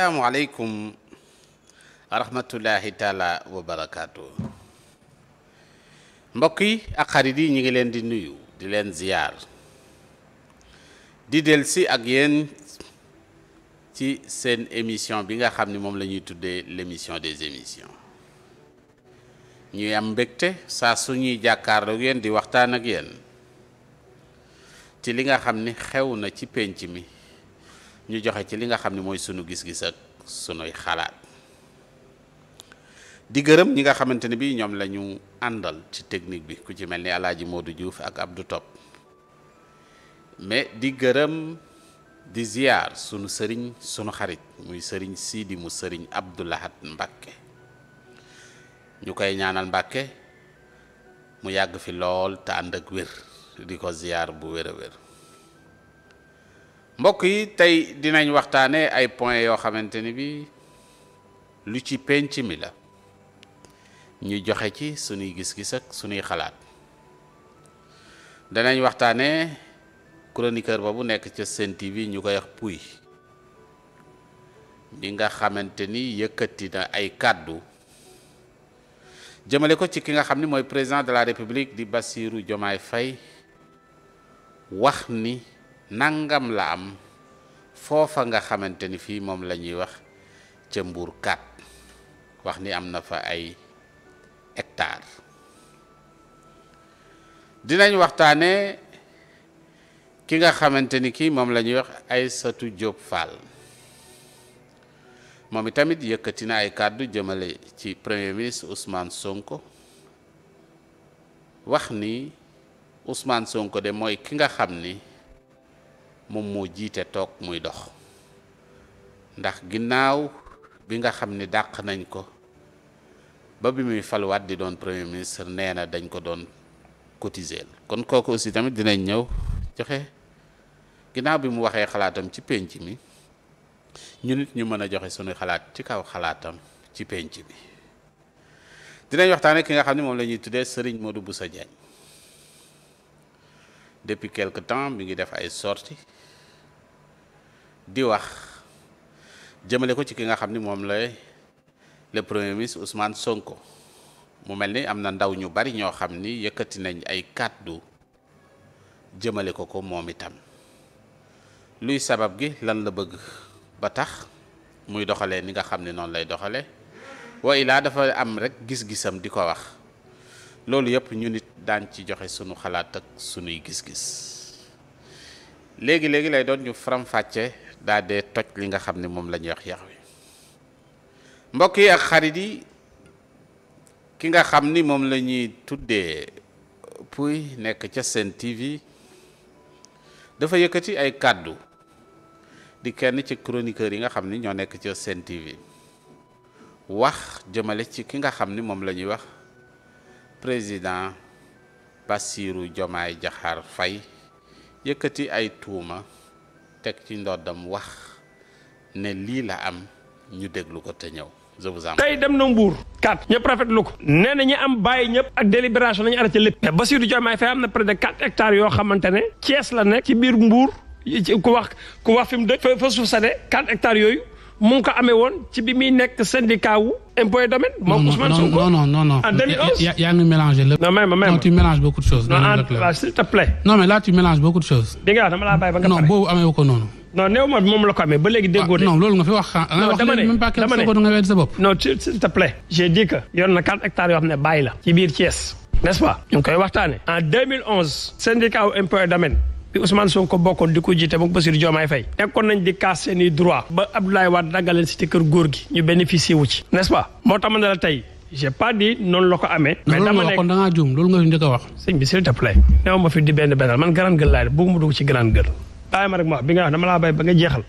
asalaamualeykum wa rahmatullahi taala mbokk yi ak xarit yi ñu ngi leen di nuyu di leen ziyaar di delsi ak yéen ci seen émission bi nga xam ni moom la ñuy tuddee l'émission des émissions ñuy am mbégte saa suñuy ñuy jàkkaarloog yéen di waxtaan ak yéen ci li nga xam ni xew na ci pénc mi ñu joxe ci li nga xam ne mooy sunu gis-gis ak sunuy xalaat di gërëm ñi nga xamante ne bi ñoom lañu àndal ci technique bi ku ci mel ni moo du Diouf ak Abdou Top mais di gërëm di ziyaar sunu sëriñ sunu xarit muy sëriñ Sidi mu sëriñ Abdou Lahad Mbacké ñu koy ñaanal Mbacké mu yàgg fi lool te ànd ak wér di ko ziyaar bu wér wér mbokk yi tey dinañ waxtaanee ay point yoo xamante ni bi lu ci penc mi la ñu joxe ci suñuy gis-gis suñuy xalaat danañ waxtaanee chroniqueur ba bu nekk ca Sen TV ñu koy wax puy bi nga xamante ni yëkkati na ay kàddu jëmale ko ci ki nga xam ni mooy président de la république di bassiru Diomaye Faye wax ni nangam la am foofa nga xamante ni fii moom la ñuy wax ca mbuur 4 wax ni am na fa ay hectare dinañ waxtaanee ki nga xamante ni kii moom la ñuy wax Aïssatou Diop Fall moom itamit yëkkati na ay kàddu jëmale ci premier ministre Ousmane Sonko wax ni Ousmane Sonko de mooy ki nga xam ni moom moo jiite toog muy dox ndax ginnaaw bi nga xam ni dàq nañ ko ba bi muy falwaat di doon premier ministre nee na dañ ko doon cotiser kon kooku aussi tamit dinañ ñëw joxe ginnaaw bi mu waxee xalaatam ci penc mi ñu nit ñu mën a joxe suñu xalaat ci kaw xalaatam ci penc bi dinañ waxtaane ki nga xam ne moom lañuy tuddee tuddee moo Modou Boussa Diagne depuis quelque temps bi ngi def ay sorties di wax jëmale ko ci ki nga xam ni moom lay le premier ministre Ousmane Sonko mu mel ni am na ndaw ñu bari ñoo xam ni yëkkati nañ ay kàddu jëmale ko ko moom itam luy sabab gi lan la bëgg ba tax muy doxalee ni nga xam ne noonu lay doxale wa laa dafa am rek gis-gisam di ko wax loolu yëpp ñu nit daan ci joxe sunu xalaat ak sunuy gis-gis léegi-léegi lay doon ñu faram-fàcce daa dee toj li nga xam ne moom la ñuy wax yax wi mbokk yi ak xarit yi ki nga xam ni moom la ñuy tuddee Pouye nekk ca Sen TV dafa yëkkati ay kàddu di kenn ci chroniqueur yi nga xam ni ñoo nekk ca seen TV wax jëmale ci ki nga xam ni moom la ñuy wax président Bassirou Diomaye Diakhar fay yëkkati ay tuuma teg ci ndoddam wax ne lii la am ñu déglu ko te ñëw. tey dem na Mbour. quatre ñëpp rafetlu ko. nee na ñi am bàyyi ñëpp ak délibération nañu arrêté lépp. mais Bassirou Diomaye Faye am na près de quatre hectares yoo xamante ne. Thiès la nekk ci biir Mbour. ku wax ku wax fi mu dëkk. fa suuf sa ne quatre hectares yooyu. mu ngi ko amee woon ci bi muy nekk syndicat wu domaine. moom Ousmane Sonko non non non non. en 2011 yaa yaa ngi mélangé laa bàyyi ba nga non boobu amee non néew ma moom la ko amee ba ah, non loolu nga fi wax ah. non dama ne dama ne nga weddi sa bopp. non s'il te plaît. j'ai dit la. ci biir Thiès. n'est-ce pas ñu ngi koy waxtaanee. en 2011. syndicat domaine bi Ousmane Sonko bokkoon di ko jiite moom Bassirou Diomaye Faye nekkoon nañ di kaas seeni droit ba Abdoulaye Wade daggaleen si te kër góor gi ñu bénéficier wu ci n'est-ce pas moo tax ma ne la tey j'ai pas dit noonu la ko amee. mais dama nekk kon da loolu nga fi njëkk a wax. sëñ bi s'il te plaît. ne ma fi di benn benn man grande gueule laay def bëgguma dugg ci grande gueule. bàyyi ma rek ma wax bi nga wax dama laa bàyyi ba nga jeexal.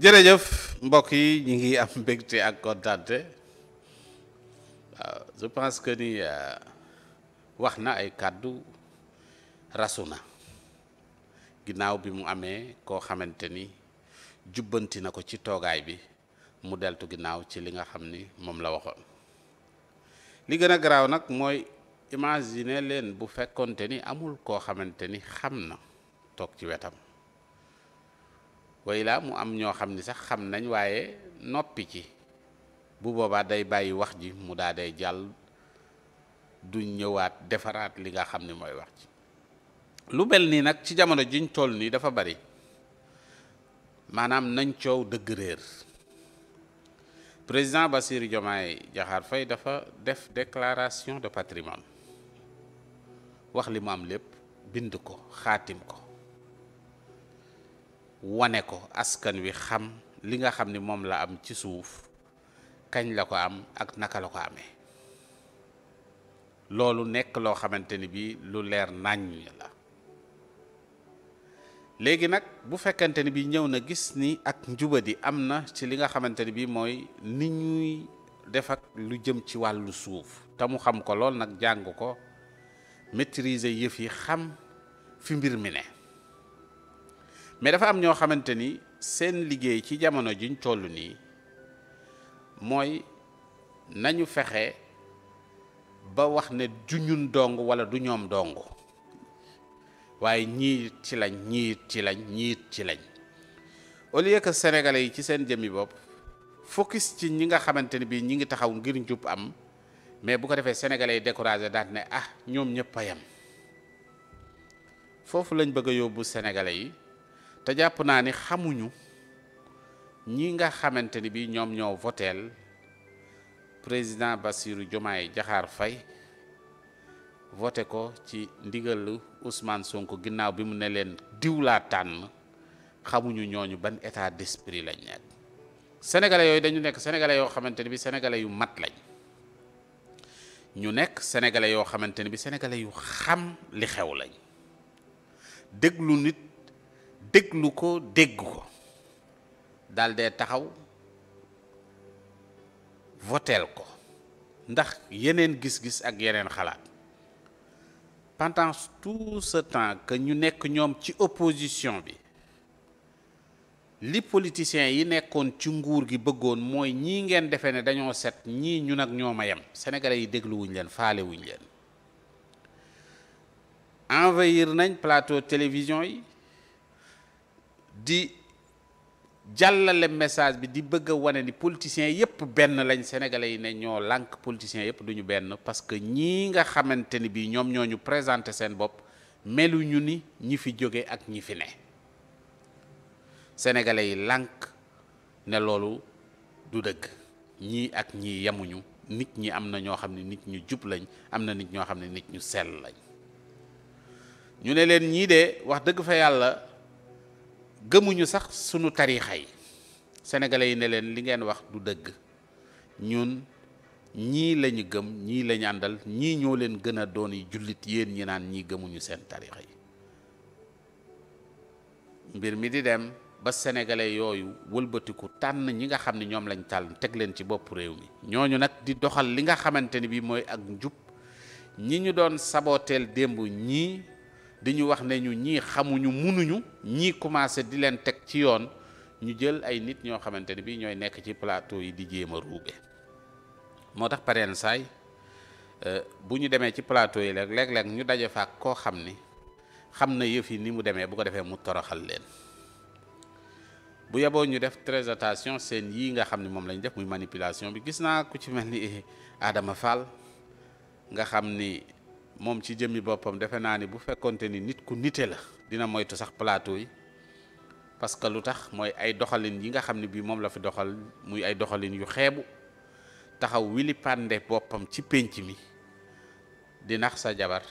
jërëjëf mbokk yi ñu ngi am mbégte ak kontaante ah, pense que ni euh, wax na ay kàddu na. ginnaaw bi mu amee koo xamante ni jubbanti na ko ci toogaay bi mu deltu ginnaaw ci li nga xam ni moom la waxoon li gën a garaaw nag mooy imaginer leen bu fekkonte ni amul koo xamante ni xam na toog ci wetam way mu am ñoo xam ni sax xam nañ waaye noppi ci bu boobaa day bàyyi wax ji mu daa day jàll du ñëwaat defaraat li nga xam ni mooy wax ci lu mel nii nag ci jamono jiñ toll nii dafa bari maanaam nañ coow dëgg réer président Bassirou Diomaye Diakhar Faye dafa def déclaration de patrimoine wax li mu am lépp bind ko xaatim ko wane ko askan wi xam li nga xam ni moom la am ci suuf kañ la ko am ak naka la ko amee loolu nekk loo xamante ni bii lu leer naññ la léegi nag bu fekkente ni bi ñëw na gis ni ak njubadi am na ci li nga xamante ni bi mooy ni ñuy def ak lu jëm ci wàllu suuf te mu xam ko lool nag jàng ko maîtriser yëf yi xam fi mbir mi ne mais dafa am ñoo xamante ni seen liggéey ci jamono juñ toll nii mooy nañu fexe ba wax ne du ñun dong wala du ñoom dong waaye ñii ci lañ ñii ci lañ ñii ci lañ au lieu que sénégalais yi ci seen jëmmi bopp focus ci ñi nga xamante ni bii ñi ngi taxaw ngir njub am mais bu ko defee sénégalais yi découragé daal ne ah ñoom ñëpp a yem foofu lañ bëgg a yóbbu sénégalais yi te jàpp naa ni xamuñu ñi nga xamante ni bii ñoom ñoo voteel président Bassirou Diomaye Diakhar fay voté ko ci ndigalu Ousmane Sonko ginnaaw bi mu ne leen diw laa tànn xamuñu ñooñu ban état d'esprit lañ nekk sénégalais yooyu dañu nekk sénégalais yoo xamante ne bi sénégalais yu mat lañ ñu nekk sénégalais yoo xamante ne bi sénégalais yu xam li xew lañ déglu nit déglu ko dégg ko daal taxaw voteel ko ndax yeneen gis-gis ak yeneen xalaat pendant tout ce temps que ñu nekk ñoom ci opposition bi li politiciens yi nekkoon ci nguur gi bëggoon mooy ñii ngeen defee ne dañoo set ñii ñu ak ñoom a yem yi dégluwuñ leen faale wuñ leen envahir nañ plateau télévision yi di jàllale message bi di bëgg a wane ni politiciens yëpp benn lañ sénégalais yi ne ñoo lànk politiciens yëpp duñu benn parce que ñii nga xamante ni bii ñoom ñoo ñu présenté seen bopp meluñu ni ñi fi jóge ak ñi fi ne sénégalais yi lànk ne loolu du dëgg ñii ak ñii yemuñu nit ñi am na ñoo xam ne nit ñu jub lañ am na nit ñoo xam ne nit ñu sell lañ ñu ne leen ñii de wax dëgg fa yàlla. gëmuñu sax suñu tariixa yi sénégalais yi ne leen li ngeen wax du dëgg ñun ñii lañu gëm ñii lañu àndal ñii ñoo leen gën a doon jullit yéen ñi naan ñii gëmuñu seen tariixa yi mbir mi di dem ba sénégalais yooyu wëlbatiku tànn ñi nga xam ne ñoom lañ tànn teg leen ci bopp réew mi ñooñu nag di doxal li nga xamante ni bi mooy ak njub ñi ñu doon sabooteel démb ñii di ñu wax ne ñu ñii xamuñu munuñu ñii commencé di leen teg ci yoon ñu jël ay nit ñoo xamante ne bii ñooy nekk ci plateau yi di jéem a ruube moo tax paren saay euh, bu ñu demee ci plateau yi rek léeg-léeg ñu daje fa ak koo xam ni xam na yëf yi ni mu demee bu ko defee mu toroxal leen bu yeboo ñu def très attention seen yii nga xam ne moom lañ def muy manipulation bi gis naa ku ci mel ni aadama Fall nga xam ni. moom ci jëmmi boppam defe naa ni bu fekkonte ni nit ku nite la dina moytu sax plateau yi parce que lu tax mooy ay doxalin yi nga xam ne bii moom la fi doxal muy ay doxalin yu xeebu taxaw wili pande boppam ci pénc mi di nax sa jabar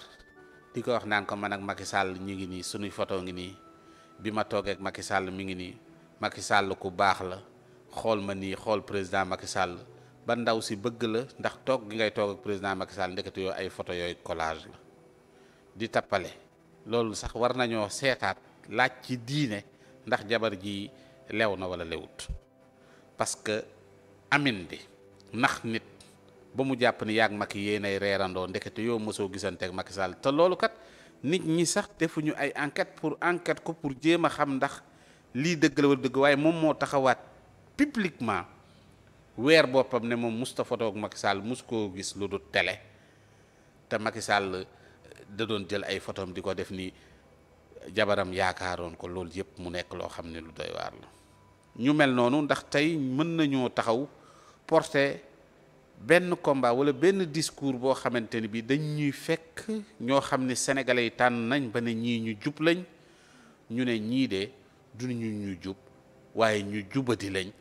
di ko wax naan ko man ak Macky Sall ñi ngi nii sunuy photo ngi nii bi ma toogee ak Macky mi ngi nii Macky Sall ku baax la xool ma nii xool président Macky Sall ba ndaw si bëgg la ndax toog gi ngay toog ak président Macky ndekete yoo ay photo yooyu collage la di tappale loolu sax war nañoo seetaat laaj ci diine ndax jabar ji lew na wala lewut parce que amin bi nax nit ba mu jàpp ni yaag Macky yéenay reerandoo ndekete yoo mosoo gisanteeg Macky te loolu kat nit ñi sax defuñu ay enquête pour enquête ko pour jéem a xam ndax lii dëgg la wala dëgg waaye moom moo taxawaat publiquement weer boppam ne moom musta photo ak Macky Sall koo gis lu dul tele te Macky Sall eh, da doon jël ay photom di ko def ni jabaram yaakaaroon ko loolu yëpp mu nekk loo xam ne lu doy waar la ñu mel noonu ndax tey mën nañoo taxaw porter benn combat wala benn discours boo xamante ni bi dañ ñuy fekk ñoo xam ne senegale yi tànn nañ ba ne ñii ñu jub lañ ñu ne ñii de du ñu ñu jub waaye ñu jubadi lañ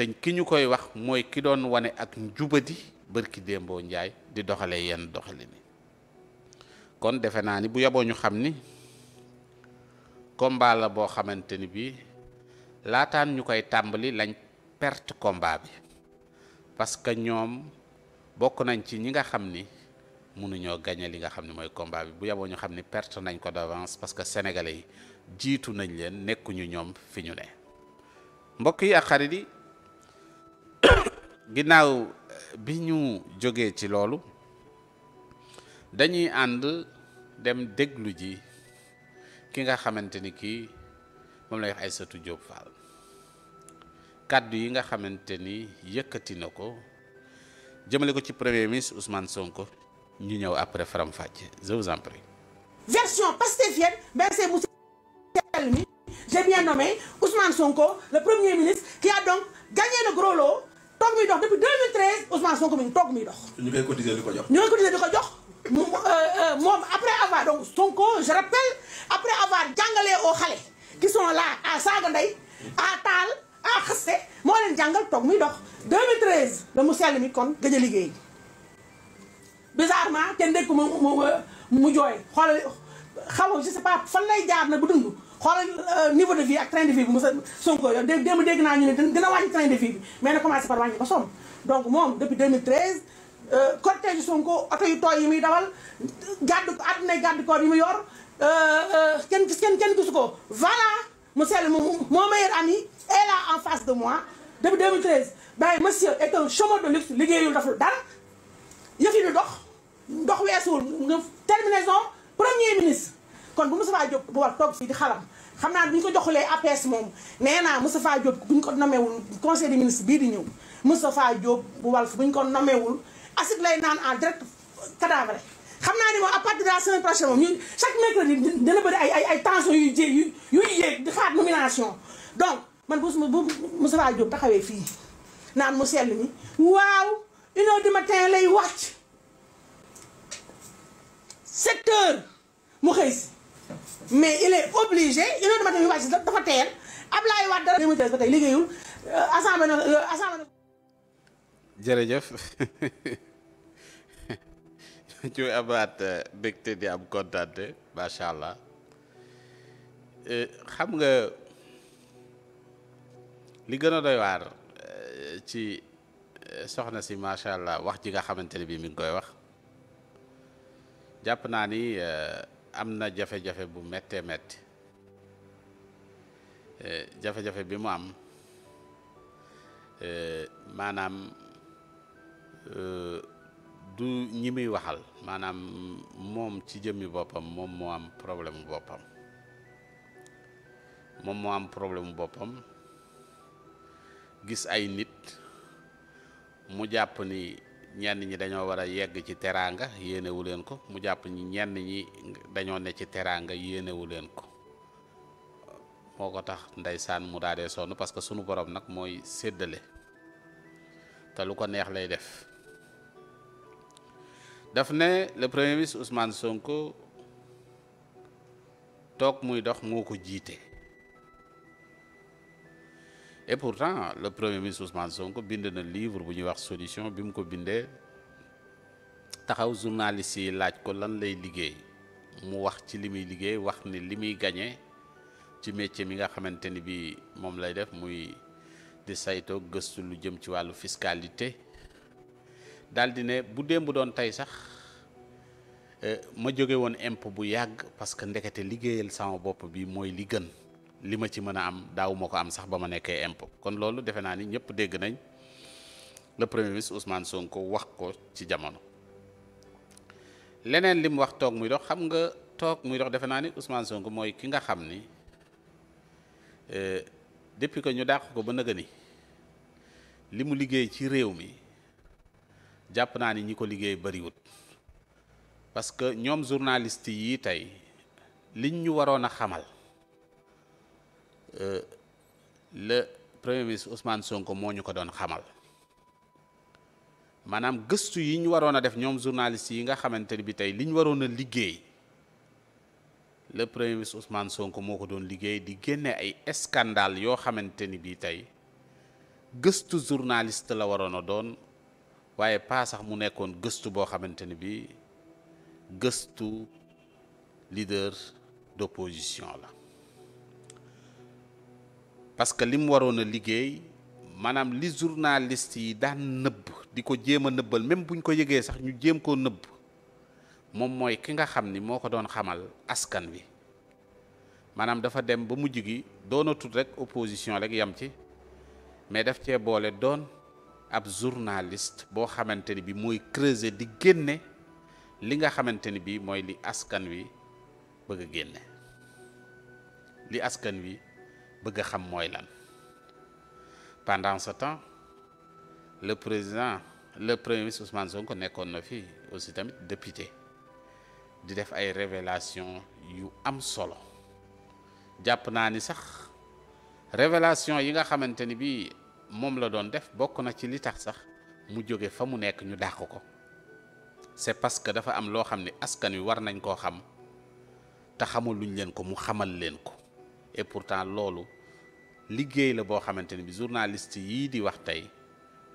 te ki ñu koy wax mooy ki doon wane ak njubadi bërki démboo njaay di doxalee yenn doxali ni kon defe naa ni bu yaboo ñu xam ni combat boo xamante ni bii laataan ñu koy tàmbali lañ perte combat bi parce que ñoom bokk nañ ci ñi nga xam ni mënuñoo gagné li nga xam ne mooy combat bi bu yaboo ñu xam ni perte nañ ko d'avance parce que sénégalais yi jiitu nañ leen nekkuñu ñoom fi ñu ne mbokk yi ak xarit yi ginnaaw eh, bi ñu jógee ci loolu dañuy ànd dem déglu ji ki nga xamante ni kii moom lay wax Aïssatou Diop Fall kàddu yi nga xamante ni yëkkati na ko jëmale ko ci premier ministre Ousmane Sonko ñu ñëw après faram fàcce je vous en prie. version pastefienne mais c'est monsieur Elmi j'ai bien nommé Ousmane premier ministre qui a donc gagné le gros toog muy dox depuis 2013 Ousmane Sonko mi ngi toog muy dox. ñu koy cotiser di ko jox. ñu koy cotiser di ko jox euh, euh, moom après avoir Sonko je rappelle après avoir jàngalee aux xale qui sont là à saaga ndey à taal à xaste moo leen jàngal toog muy dox 2013 la mu sell mi kon gëj a liggéey bizarrement kenn dégg ko mu mu jooy xoolal xaw ma je pas fan lay jaar na bu dund. xoolal euh, niveau de vie ak train de vie bi mos a Sonko yow démb dégg naa ñu ne dina wàññi train de vie bi mais na commencé par wàññi ba soom donc moom depuis 2013 euh, cortège Sonko oto yu tooy yi muy dawal gàddu ko àdduna gàddu koor yi mu yor euh, kenn gis kenn kenn gisu ko voilà mu sell mu mon meilleur ami est là en face de mois depuis 2013 Baye monsieur est un chômeur de luxe liggéeyul daful dara yëf yi du dox dox weesuwul nga terminaison premier ministre kon bu Moustapha Diop bu war toog fii di xalam xam naa bu ñu ko joxulee APS moom nee naa Moustapha Diop bu ñu ko nommewul conseil des ministres bii di ñëw Moustapha Diop bu wal bu ñu ko nommewul asik lay naan en direct cadavre xam naa ni moom à partir de la semaine prochaine moom ñu chaque mercredi dina bëri ay ay tension yu jé yu yu yéeg di xaar nomination donc man bu bu Moustapha Diop taxawee fii naan mu sell ni waaw une heure ma matin lay wàcc sept mu xëy si mais il est obligé une heure du matin yu dafa teel Ablaye Wade dara 2013 ba tey liggéeyul euh, assemblée euh, assemblée jërëjëf ñuy amaat euh, mbégte di am kontaante macha allah xam nga li gën a doy waar ci soxna si macha wax ji nga xamante ne bii mi ngi koy wax jàpp naa ni. am na jafe-jafe bu méttee métti eh, jafe-jafe bi mu am eh, maanaam eh, du ñi muy waxal maanaam moom ci jëmmi boppam moom moo am problème mu boppam moom moo am problème mu boppam gis ay nit mu jàpp ni. ñenn ñi dañoo war a yegg ci teraanga yéenewu leen ko mu jàpp ñi ñenn ñi dañoo ne ci teraanga yéenewu leen ko moo ko tax ndeysaan mu daadee sonn parce que sunu borom nag mooy séddale te lu ko neex lay def daf ne le premier ministre Ousmane Sonko toog muy dox moo ko jiite et pourtant le premier ministre Ousmane Sonko bind na livre bu ñuy wax solution bi mu ko bindee taxaw journaliste yi laaj ko lan lay liggéey mu wax ci li muy liggéey wax ni li muy gañe ci métier mi nga xamante ni bi moom lay def muy di sayto gëstu lu jëm ci wàllu fiscalité daldi ne bu démb doon tey sax eh, ma jóge woon impôt bu yàgg parce que ndekete liggéeyal sama bopp bi mooy li gën li ma ci mën a am daawuma ko am sax ba ma nekkee impôt kon loolu defe naa ni ñëpp dégg nañ le premier ministre Ousmane Sonko wax ko ci jamono leneen li mu wax toog muy dox xam nga toog muy dox defe naa ni Ousmane Sonko mooy ki nga xam ni euh, depuis que ñu dàq ko ba nëga li mu liggéey ci réew mi jàpp naa ni ñi ko liggéey bariwut parce que ñoom journaliste yii tey liñ ñu waroon a xamal Euh, le premier ministre Ousmane sonk moo ñu ko doon xamal maanaam gëstu yi ñu waroon a def ñoom journaliste yi nga xamante ni bi tey li ñu waroon a liggéey le premier ministre Ousmane Sonko moo ko doon liggéey di génne ay scandale yoo xamante ni bi tey gëstu journaliste la waroon a doon waaye pas sax mu nekkoon gëstu boo xamante ni bi gëstu leader d'opposition la parce que li mu waroon a liggéey maanaam li journaliste yi daan nëbb di ko jéem a nëbbal même buñ ko yëgee sax ñu jéem koo nëbb moom mooy ki nga xam ni moo ko doon xamal askan wi maanaam dafa dem ba mujj gi doonatul rek opposition rek yam ci mais daf cee boole doon ab journalist boo xamante ni bi mooy creuser di génne li nga xamante ni bi mooy li askan wi bëgg a génne li askan wi bëgg a xam mooy lan pendant ce temps le président le premier ministre Ousmane Sonko nekkoon na fii aussi tamit député di def ay révélation yu am solo jàpp naa ni sax révélation yi nga xamante ni bii moom la doon def bokk na ci li tax sax mu jóge fa mu nekk ñu dàq ko c'est parce que dafa am loo xam ni askan wi war nañ koo xam te xamul luñ leen ko mu xamal leen ko et pourtant loolu liggéey la boo xamante ni bi journaliste yii di wax tey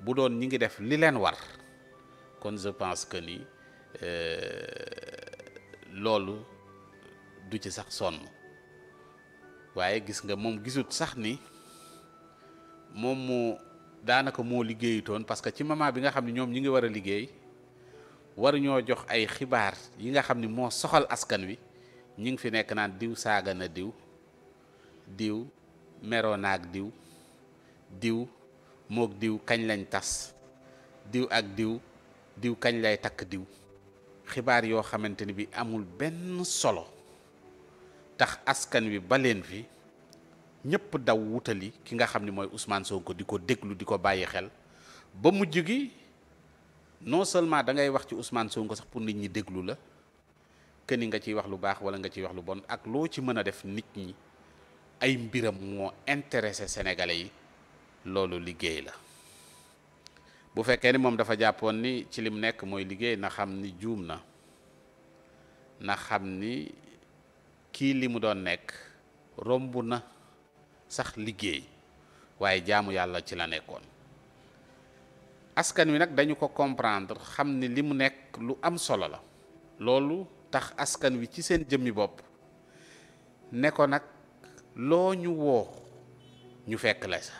bu doon ñi ngi def li leen war kon je pense que ni euh, loolu du ci sax sonn waaye gis nga moom gisut sax ni moom mu daanaka moo liggéeyutoon parce que ci moment bi nga xam ne ñoom ñi ngi war a liggéey war ñoo jox ay xibaar yi nga xam ni moo soxal askan wi ñi ngi fi nekk naan diw saaga na diw diw meroo naag diw diw mook diw kañ lañ tas diw ak diw diw kañ lay takk diw xibaar yoo xamante ni bi amul benn solo tax askan wi ba leen fi ñëpp daw wutali ki nga xam ni mooy Ousmane Sonko di ko déglu di ko bàyyi xel ba mujj gi non seulement da ngay wax ci Ousmane Sonko sax pour nit ñi déglu la que ni nga ciy wax lu baax wala nga ciy wax lu bon ak loo ci mën a def nit ñi ay mbiram moo intéressé sénégalais yi loolu liggéey la bu fekkee ni moom dafa jàppoon ni ci lim nekk mooy liggéey na xam ni juum na na xam ni kii li mu doon nekk romb na sax liggéey waaye jaamu yàlla ci la nekkoon askan wi nag dañu ko comprendre xam ni li mu nekk lu am solo la loolu tax askan wi ci seen jëmmi bopp ne ko loo ñu woo ñu fekk la sa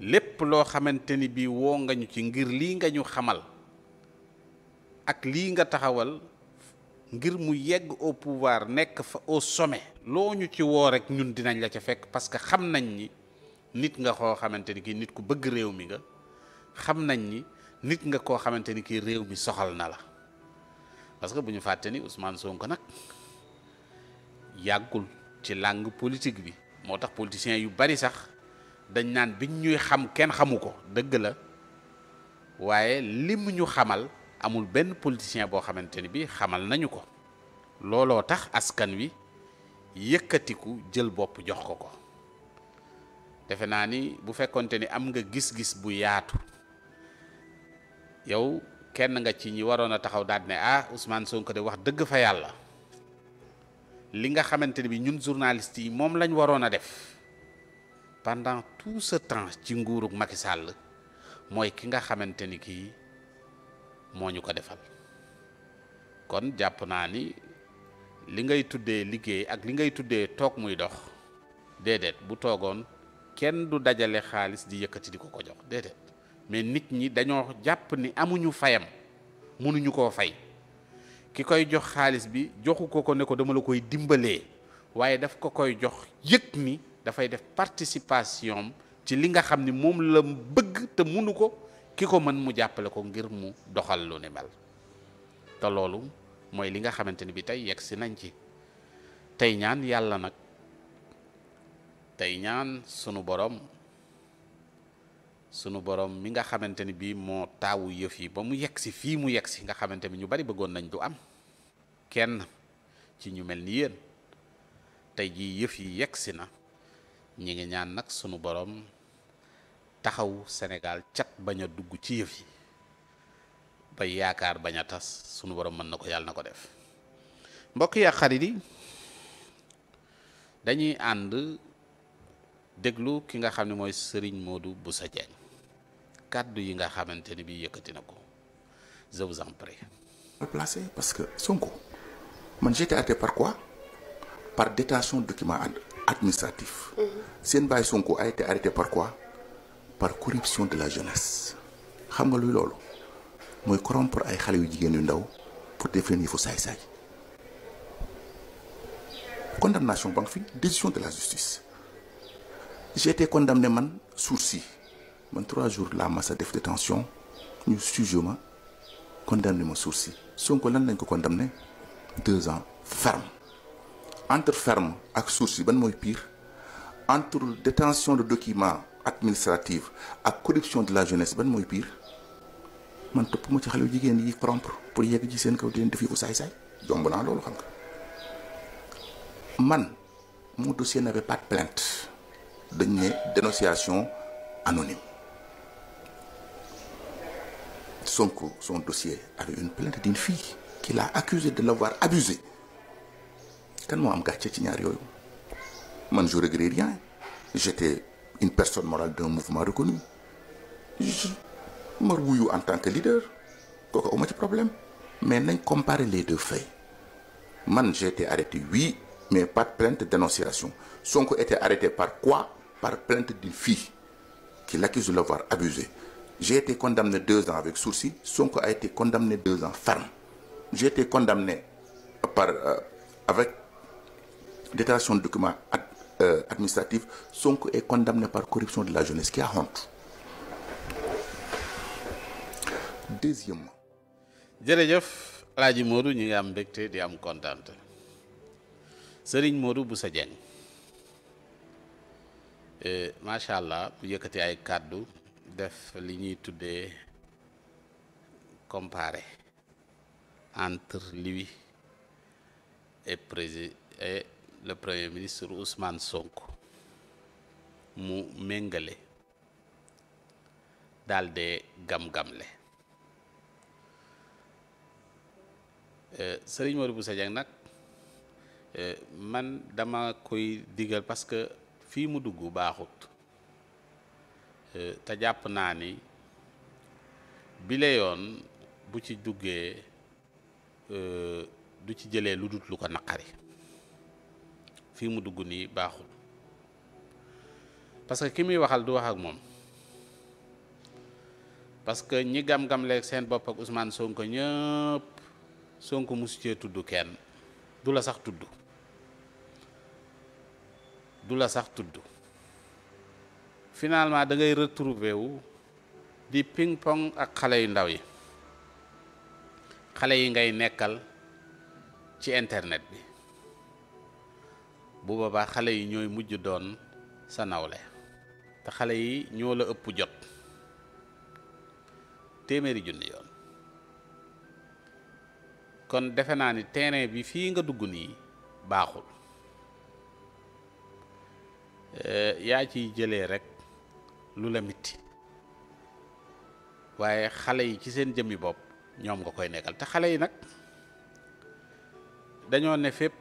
lépp loo xamante ni bii woo nga ñu ci ngir lii nga ñu xamal ak lii nga taxawal ngir mu yegg au pouvoir nekk fa au sommet loo ñu ci woo rek ñun dinañ la ca fekk parce que xam nañ ni nit nga koo xamante ni kii nit ku bëgg réew mi nga xam nañ ni nit nga koo xamante ni kii réew mi soxal na la parce que bu ñu fàtte ni Ousmane Sonko nag yàggul ci langue politique bi moo tax politiciens yu bari sax dañ naan biñ ñuy xam kenn xamu ko dëgg la waaye lim ñu xamal amul benn politicien boo xamante ni bi xamal nañu ko looloo tax askan wi yëkkatiku jël bopp jox ko ko defe naa ni bu fekkonte ni am nga gis-gis bu yaatu yow kenn nga ci ñi waroon a taxaw daal ne ah Ousmane Sonko de wax dëgg fa yàlla li nga xamante ne bi ñun journalistes yi moom lañ waroon a def pendant tout ce temps ci nguurug Macky Sall mooy ki nga xamante ni kii moo ñu ko defal kon jàpp naa ni li ngay tuddee liggéey ak li ngay tuddee toog muy dox déedéet bu toogoon kenn du dajale xaalis di yëkkati di ko ko jox déedéet mais nit ñi dañoo jàpp ni amuñu fayam mënuñu koo fay ki koy jox xaalis bi joxu ko ko ne ko dama la koy dimbalee waaye daf ko koy jox yëg ni dafay def participation ci li nga xam ni moom la bëgg te munu ko ki ko mën mu jàppale ko ngir mu doxal lu ni mel te loolu mooy li nga xamante ni bi tey yegg si nañ ci tey ñaan yàlla nag tey ñaan sunu borom sunu borom mi nga xamante ni bii moo taawu yëf yi ba mu yegg si fii mu yegg si nga xamante ni ñu bari bëggoon nañ du am kenn ci ñu mel ni yéen tey jii yëf yi yegg si na ñi ngi ñaan nag sunu borom taxaw senegal cat bañ a dugg ci yëf yi ba yaakaar bañ a tas sunu borom mën na ko yàlla na ko def mbokk yi xarit yi dañuy ànd déglu ki nga xam ne mooy Serigne Modou Boussa Dieng kàddu yi nga xamante ni bii yëkkati na ko je vous en parce que Sonko man j'étais arrêté par quoi par détention de document administratif. Mhm. seen baay Sonko a été arrêté par quoi par corruption de la jeunesse. xam nga luy loolu mooy corrompre ay xale yu jigéen yu ndaw pour def leen saay-saay condamnation ba nga décision de la justice j'ai condamné man sursis man trois jours laa mas def détention ñu jugé ma condamné ma sursis Sonko lan lañ ko condamné deux ans ferme entre ferme ak sursis ban mooy piir entre détention de documents administratifs ak corruption de la jeunesse ban mooy pire man topp ma ci xale yu jigéen yi corrompre pour yegg ci seen kaw di leen def ko saay-saay jomb naa loolu xam nga man mon dossier n'avait pas de plainte dañ ne dénonciation anonyme Sonko son dossier avec une plainte d'une fille qui l'a accusé de l'avoir abusé kan moo am gàcce ci ñaar yooyu man je regrette rien j'étais une personne morale d'un mouvement reconnu Mar Wuyu en tant que leader kooku amu ci problème mais nañ comparer les deux faits man j'ai été arrêté mais par plainte de dénonciation Sonko était arrêté par quoi par plainte d'une fii qui l'accuse de l'avoir abusé J'ai été condamné deux ans avec sursis. Sonko a été condamné deux ans ferme. J'ai été condamné par, euh, avec détention de documents ad, euh, administratifs. Sonko est par corruption de la jeunesse qui a honte. Deuxièmement. jërëjëf Alaaji Modou ñu ngi am mbégte di am kontaante Serigne Modou Bousso Dieng eh, macha allah bu yëkkati ay kàddu. def li ñuy tuddee compare entre lui et président et le premier ministre Ousmane sonk mu méngale daal de gam-gamle euh, Serigne Modou Bousso Dieng nag euh, man dama koy digal parce que fii mu dugg baaxut te jàpp naa ni bile bu ci duggee euh, du ci jëlee lu dut lu ko naqari fii mu dugg nii baaxul parce que ki muy waxal du wax ak moom parce que ñi gam-gam leeg seen bopp ak Ousmane Sonko ñëpp Sonko mosu cee tudd kenn du la sax tudd du la sax tudd finalement da ngay retrouver wu di ping pong ak xale yu ndaw yi xale yi ngay nekkal ci internet bi bu boobaa xale yi ñooy mujj doon sa nawle te xale yi ñoo la ëpp jot téeméeri junni yoon kon defe naa ni terrain bi fii nga dugg nii baaxul eh, yaa ciy jëlee rek lu la mitti waaye xale yi ci seen jëmmi bopp ñoom nga koy nekkal te xale yi nag dañoo ne fépp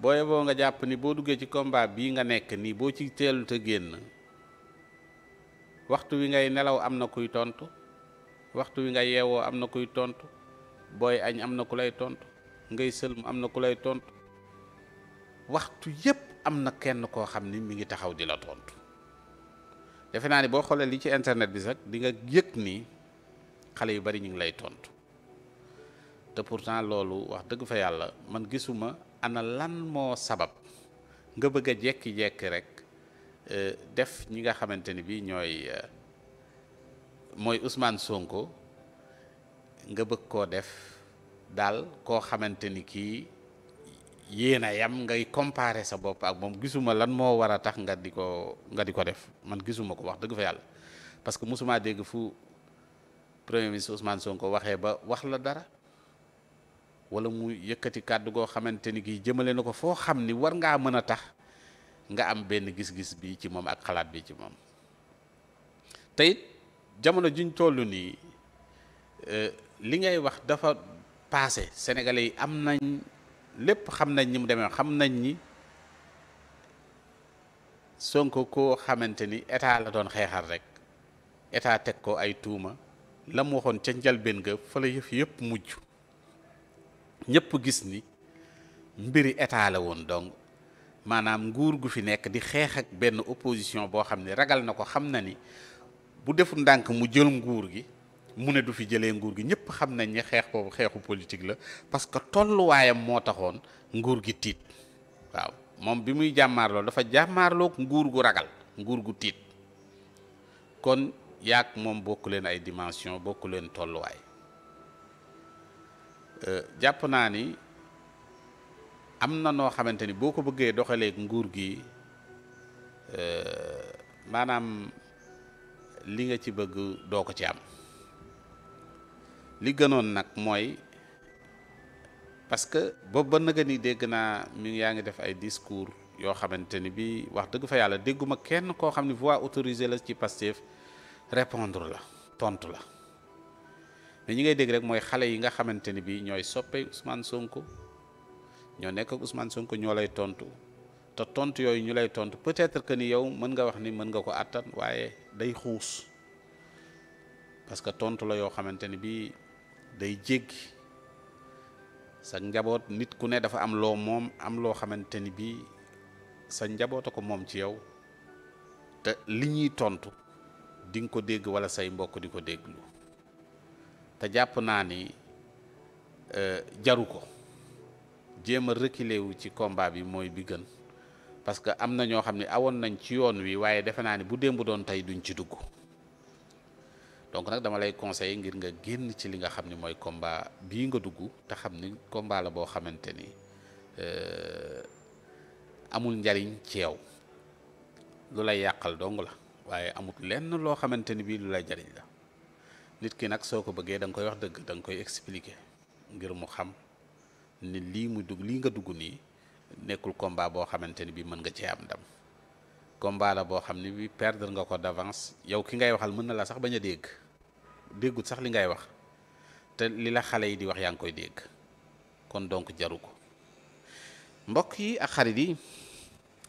boo boo nga jàpp ni boo duggee ci combat bii nga nekk nii boo ci teelu te génn waxtu wi ngay nelaw am na kuy tontu waxtu wi nga yeewoo am na kuy tontu booy añ am na ku lay tontu ngay sëlmu am na ku lay tontu waxtu yépp am na kenn koo xam ni mi ngi taxaw di la tontu defe naa ni boo xoolee li ci internet bi sax di nga yëg ni xale yu bari ñu ngi lay tontu te pourtant loolu wax dëgg fa yàlla man gisuma ana lan moo sabab nga bëgg a jekki-jekki rek euh, def ñi nga xamante ni bii ñooy euh, mooy Ousmane Sonko nga bëgg koo def daal koo xamante ni kii. yéen a yam ngay comparer sa bopp ak moom gisuma lan moo war a tax nga di ko nga di ko def man gisuma ko wax dëgg fa yàlla parce que mosuma dégg fu premier ministre Ousmane ko waxee ba wax la dara wala mu yëkkati kàddu goo xamante ni kii jëmale na ko foo xam ni war ngaa mën a tax nga am benn gis-gis bii ci moom ak xalaat bi ci moom te jamono juñ toll nii euh, li ngay wax dafa passé sénégalais yi am nañ lépp xam nañ ni mu demee xam nañ ni Sonko koo xamante ni état la doon xeexal rek état teg ko ay tuuma la mu waxoon ca njalbeen ga fa la yëf yëpp mujj ñëpp gis ni mbiri état la woon donc maanaam nguur gu fi nekk di xeex ak benn opposition boo xam ne ragal na ko xam na ni bu deful ndànk mu jël nguur gi mu ne du fi jëlee nguur gi ñëpp xam nañ ne xeex ko xeexu politique la parce que tolluwaayam moo taxoon nguur gi tiit waaw moom bi muy jàmmaarloo dafa jàmmaarlook nguur gu ragal nguur gu tiit kon yaak moom bokku leen ay dimension bokku leen tolluwaay euh, jàpp naa ni am na noo xamante ni boo ko bëggee doxalee nguur gi euh, maanaam li nga ci bëgg doo ko ci am li gënoon nag mooy parce que boobu nag naga ni dégg naa mi yaa ngi def ay discours yoo xamante ni bi wax dëgg fa yàlla dégguma kenn koo xam ne voix autorisée la ci Pastef répondre la tontu la mais ñi ngay dégg rek mooy xale yi nga xamante ni bi ñooy soppe Ousmane Sonko ñoo nekk ak Ousmane Sonko ñoo lay tontu te tontu yooyu ñu lay tontu peut-être que ni yow mën nga wax ni mën nga ko àttan waaye day xuus parce que tontu la yoo xamante bi day jéggi sa njaboot nit ku ne dafa am loo moom am loo xamante ni bii sa njaboot a ko moom ci yow te li ñuy tontu di ko dégg wala say mbokk di ko dégglu te jàpp naa ni euh, jaru ko jéem a reculer wu ci combat bi mooy bi gën parce que am na ñoo xam ne awoon nañ ci yoon wi waaye defe naa ni bu démb doon tey duñ ci dugg. donc nag dama lay conseiller ngir nga génn ci li nga xam ni mooy combat bii nga dugg te xam ni combat la boo xamante ni euh, amul njariñ ci yow lu lay yàqal dong la waaye amul lenn loo xamante ni bii lu lay jariñ la nit ki nag soo ko bëggee danga koy wax dëgg danga koy expliquer ngir mu xam ni lii mu dugg lii nga dugg nii nekkul comba boo xamante ni bii mën nga cee am ndam combat la boo xam ni bi perdre nga ko d'avance yow ki ngay waxal mën na laa sax bañ a dégg déggut sax li ngay wax te li la xale yi di wax yaa ngi koy dégg kon donc jaru ko mbokk yi ak xarit yi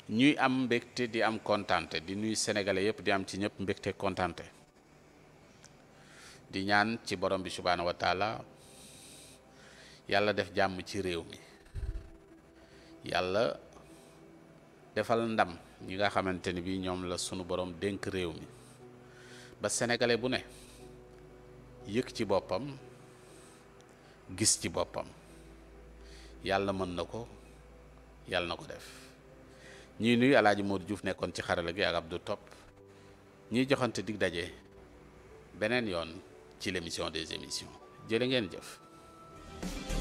ñuy am mbégte di am kontante di nuyu sénégalais yëpp di am ci ñëpp mbégte kontante di ñaan ci borom bi subhaanahu wa taala yàlla def jàmm ci réew mi yàlla defal ndam ñi nga xamante ni bi ñoom la sunu borom dénk réew mi ba sénégalais bu ne yëg ci boppam gis ci boppam yàlla mën na ko yàlla na ko def ñuy nuyu alaaji Modou juuf nekkoon ci xarala gi ak Abdou Top ñuy joxante dig daje beneen yoon ci l'émission des émissions jërë ngeen jëf